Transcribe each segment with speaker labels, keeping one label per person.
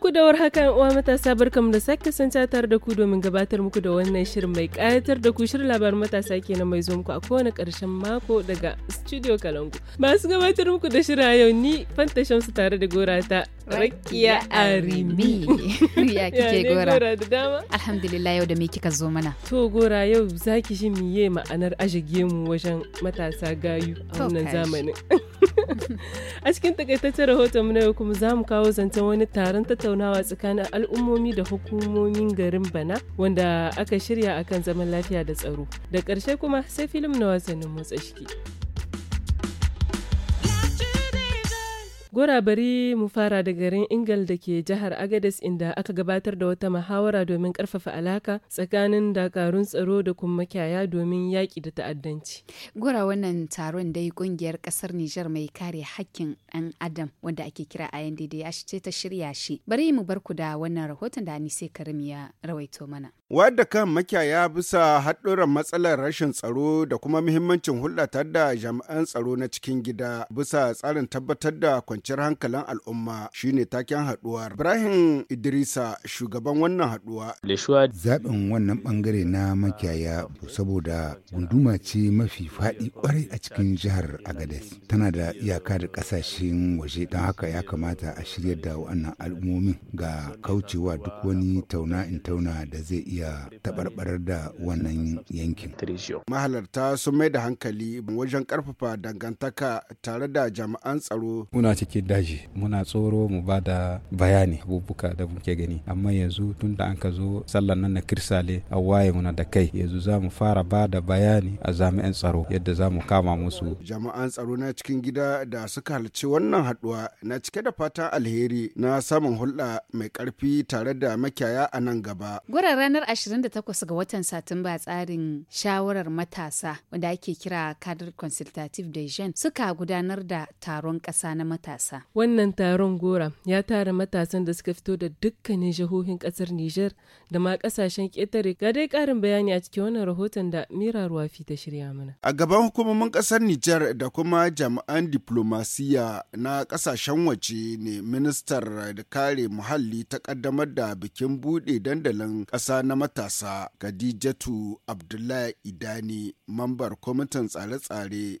Speaker 1: ku da war haka uwa matasa barkanmu da sake sanca tare da ku domin gabatar muku da wannan shirin mai kayatar da ku shirin labarin matasa kenan mai zo muku a kowane ƙarshen mako daga Studio Kalangu. Masu gabatar muku da shirin yau ni Fanta Shamsu tare da gora ta Rakiya Arimi.
Speaker 2: Ya kike gora? gora da dama? Alhamdulillah yau da me kika zo mana? To gora yau zaki
Speaker 1: shi miye ma'anar ajige mu wajen matasa gayu a wannan zamanin. A cikin takaitaccen rahoton na yau kuma za mu kawo zancen wani taron tattaunawa tsakanin al'ummomi da hukumomin garin Bana wanda aka shirya akan zaman lafiya da tsaro. Da ƙarshe kuma sai filim na wasannin motsa shiki. Gora bari mu fara da garin Ingal da ke jihar Agadez inda aka gabatar da wata muhawara domin karfafa alaka tsakanin dakarun tsaro da kuma makyaya
Speaker 2: domin yaƙi da ta'addanci. Gora wannan taron dai kungiyar ƙasar Nijar mai kare hakkin ɗan Adam wanda ake kira INDD ya ce ta shirya shi. Bari mu bar ku da wannan rahoton da sai Karim ya rawaito mana.
Speaker 3: Wadda kan makyaya bisa haɗuran matsalar rashin tsaro da kuma muhimmancin hulɗa da jami'an tsaro na cikin gida bisa tsarin tabbatar da kwanciyar hankalin al'umma shine taken haduwar. Ibrahim Idrisa shugaban wannan haduwa.
Speaker 4: Zaɓin wannan bangare na makiyaya saboda gunduma ce mafi faɗi kwarai a cikin jihar Agadez. Tana da iyaka da ƙasashen waje don haka ya kamata a shirya da wannan al'ummomi ga kaucewa duk wani tauna in tauna da zai iya taɓarɓarar da wannan yankin.
Speaker 3: Mahalarta sun mai da hankali wajen ƙarfafa dangantaka tare da jami'an tsaro. Muna cikin daji muna tsoro mu ba da bayani abubuwa da muke gani amma yanzu tun da an ka zo sallan nan na kirsale a waye muna da kai yanzu za mu fara ba da bayani a jami'an tsaro yadda za mu kama musu jama'an tsaro na cikin gida da suka halarci wannan haduwa na cike da fatan alheri na samun hulɗa mai karfi tare da makiyaya a nan gaba
Speaker 2: gurar ranar 28 ga watan satumba tsarin shawarar matasa wanda ake kira kadar consultative de suka gudanar da taron ƙasa na matasa
Speaker 1: Wannan taron gora ya tara matasan da suka fito da dukkanin jihohin kasar Nijar da ma kasashen ƙetare. Ga dai ƙarin bayani a cikin wannan rahoton da Mira Ruwafi ta shirya mana.
Speaker 3: A gaban hukumomin ƙasar Nijar da kuma jami'an diplomasiya na kasashen waje ne ministar da kare muhalli ta ƙaddamar da bikin buɗe dandalin ƙasa na matasa Khadijatu Abdullahi Idani mambar kwamitin tsare-tsare.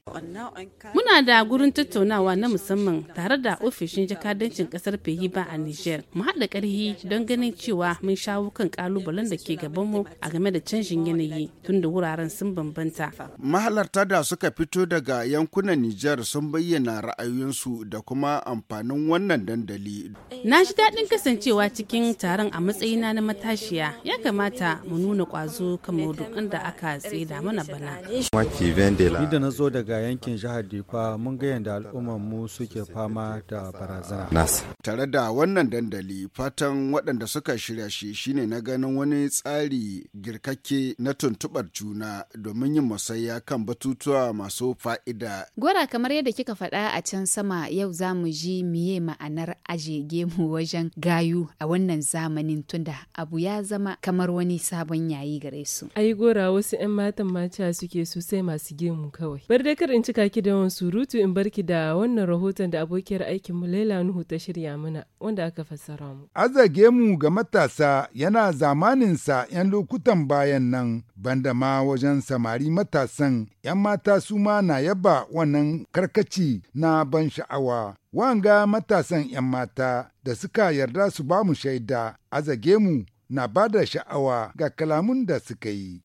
Speaker 2: Muna da gurin tattaunawa na musamman tare tare da ofishin jakadancin kasar ba a Niger. Mu haɗa ƙarfi don ganin cewa mun shawo kan ƙalubalen da ke gabanmu a game da canjin yanayi tun da wuraren sun bambanta.
Speaker 3: Mahalarta da suka fito daga yankunan Niger sun bayyana ra'ayoyinsu da kuma amfanin wannan dandali.
Speaker 2: Na ji daɗin kasancewa cikin taron a matsayina na matashiya ya kamata mu nuna ƙwazo kan maudu'in da aka tsida mana bana. Ni
Speaker 3: da na zo daga yankin jihar Difa mun ga yadda al'ummar mu suke fama da barazana. Nasa. Tare da wannan dandali fatan waɗanda suka shirya shi shine na ganin wani tsari girkakke na tuntuɓar juna domin yin musayya kan batutuwa masu fa'ida.
Speaker 2: Gora kamar yadda kika faɗa a can sama yau za mu ji miye ma'anar aje gemu wajen gayu a wannan zamanin tunda abu ya zama kamar wani sabon yayi gare su. Ai gora wasu 'yan matan
Speaker 1: mata suke sosai masu gemu kawai. Bar dai kar in cika ki da wani surutu in barki da wannan rahoton da abokin aikin mu Laila Nuhu ta shirya mana wanda aka fassara mu.
Speaker 4: Azage mu ga matasa yana zamaninsa 'yan lokutan bayan nan banda ma wajen samari matasan 'yan mata su ma na yaba wannan karkaci na ban sha'awa. Wanga matasan 'yan mata da suka yarda su ba mu shaida, azage mu na bada sha'awa ga kalamun da suka yi.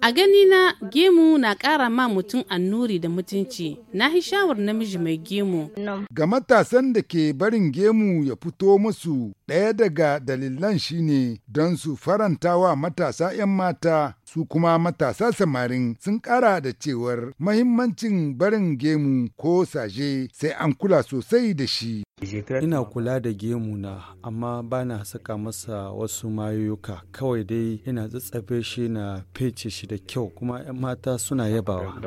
Speaker 2: A gani na gemu na ƙara ma mutum annuri da mutunci, na yi shawar namiji mai gemu.
Speaker 4: Ga matasan da ke barin gemu ya fito musu ɗaya daga dalilan shine don su faranta wa matasa 'yan mata su kuma matasa samarin sun kara da cewar mahimmancin barin gemu ko saje sai an
Speaker 3: kula sosai da shi. Ina kula da gemu na amma ba na saka masa wasu mayoyuka kawai dai ina tsatsafe shi na fece shi da kyau kuma 'yan mata suna yabawa.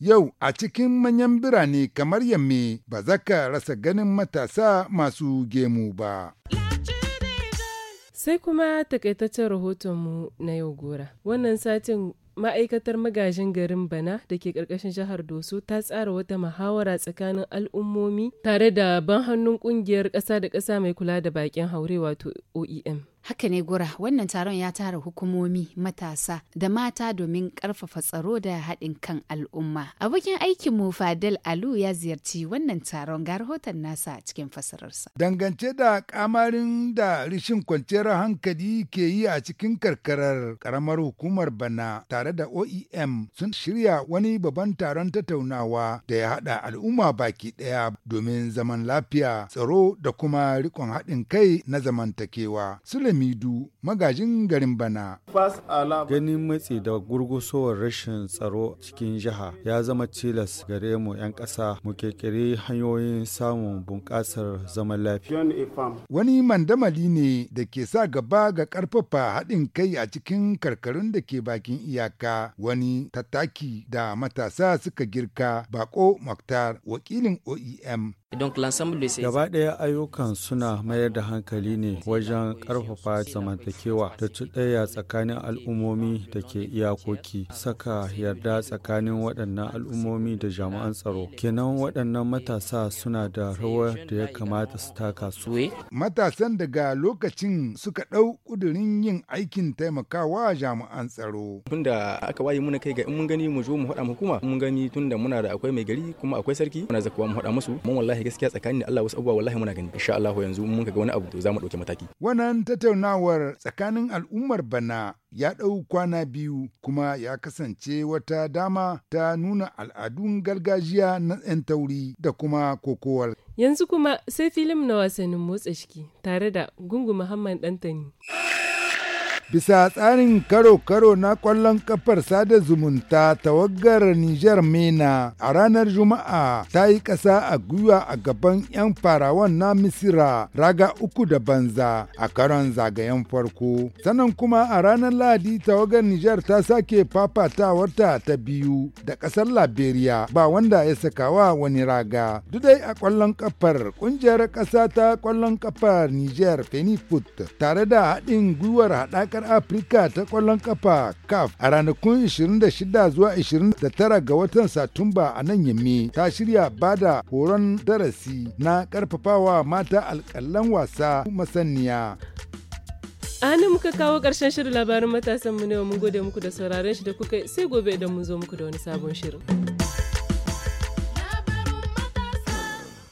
Speaker 3: Yau a cikin manyan birane
Speaker 4: kamar yamme ba za ka rasa ganin matasa masu gemu ba.
Speaker 1: Sai kuma takaitaccen rahotonmu na yau gora. Wannan satin ma'aikatar magajin garin bana da ke ƙarƙashin jihar doso ta tsara wata muhawara
Speaker 2: tsakanin al'ummomi
Speaker 1: tare da ban hannun ƙungiyar ƙasa da ƙasa mai kula da baƙin haure
Speaker 2: wato oem Haka ne gura wannan taron ya tara hukumomi matasa da mata domin karfafa tsaro da haɗin kan al'umma. Abokin aikin mu Fadel Alu ya ziyarci wannan taron ga rahoton nasa cikin fasararsa.
Speaker 4: Dangance da kamarin da rishin kwanciyar hankali ke yi a cikin karkarar karamar hukumar bana tare da OEM sun shirya wani babban taron tattaunawa da ya haɗa al'umma baki ɗaya domin zaman lafiya, tsaro da kuma rikon haɗin kai na
Speaker 3: zamantakewa.
Speaker 4: Sule Lamidu magajin garin Bana.
Speaker 3: Ganin matsi da gurgusowar rashin tsaro cikin jiha ya zama tilas gare mu 'yan ƙasa mu kirkiri hanyoyin samun bunƙasar zaman lafiya.
Speaker 4: Wani mandamali ne da ke sa gaba ga ƙarfafa haɗin kai a cikin karkarun da ke bakin iyaka wani tattaki da matasa suka girka bako Maktar wakilin OEM e Gaba
Speaker 3: ɗaya ayyukan suna mayar da hankali ne wajen ƙarfafa ƙarfafa zamantakewa da cuɗaya tsakanin al'ummomi da ke iyakoki saka yarda tsakanin waɗannan al'ummomi da jami'an tsaro kenan waɗannan matasa suna da rawar da ya kamata su taka su matasan daga
Speaker 4: lokacin suka
Speaker 3: ɗau ƙudurin
Speaker 4: yin aikin taimakawa jami'an tsaro
Speaker 3: tunda aka waye muna kai ga in mun gani mu zo mu haɗa mu hukuma mun gani tunda muna da akwai mai gari kuma akwai sarki muna zakuwa mu haɗa musu mun wallahi gaskiya tsakanin Allah wasu abubuwa wallahi muna gani insha Allah yanzu mun ga wani abu to za mu ɗauki mataki
Speaker 4: wannan ta Tattaunawar tsakanin al'ummar bana ya ɗau kwana biyu kuma ya kasance wata dama ta nuna al'adun gargajiya na 'yan tauri da kuma kokowar.
Speaker 1: Yanzu kuma sai filim na wasannin motsa shiki tare da Gungu Muhammad Dantani.
Speaker 4: bisa tsarin karo-karo na kwallon kafar sada zumunta tawagar Nijar Mena a ranar Juma'a ta yi ƙasa a gwiwa a gaban 'yan farawan na Misira raga uku da banza a karon zagayen farko. Sannan kuma a ranar Lahadi tawagar Nijar ta sake fafatawarta ta biyu da ƙasar Liberia ba wanda ya sakawa wani raga. Dudai a kwallon kafar ƙungiyar ƙasa ta kwallon kafar Nijar Fenifut tare da haɗin gwiwar haɗakar kakar Afrika ta kwallon kafa CAF a ranakun 26 zuwa 29 ga watan Satumba a nan yammi ta shirya bada horon darasi na ƙarfafawa mata alkalan wasa masaniya.
Speaker 1: ana muka kawo ƙarshen shirin labarin matasan mu ne mun gode muku da sauraron shi da kuka sai gobe idan mun zo muku da wani sabon shirin.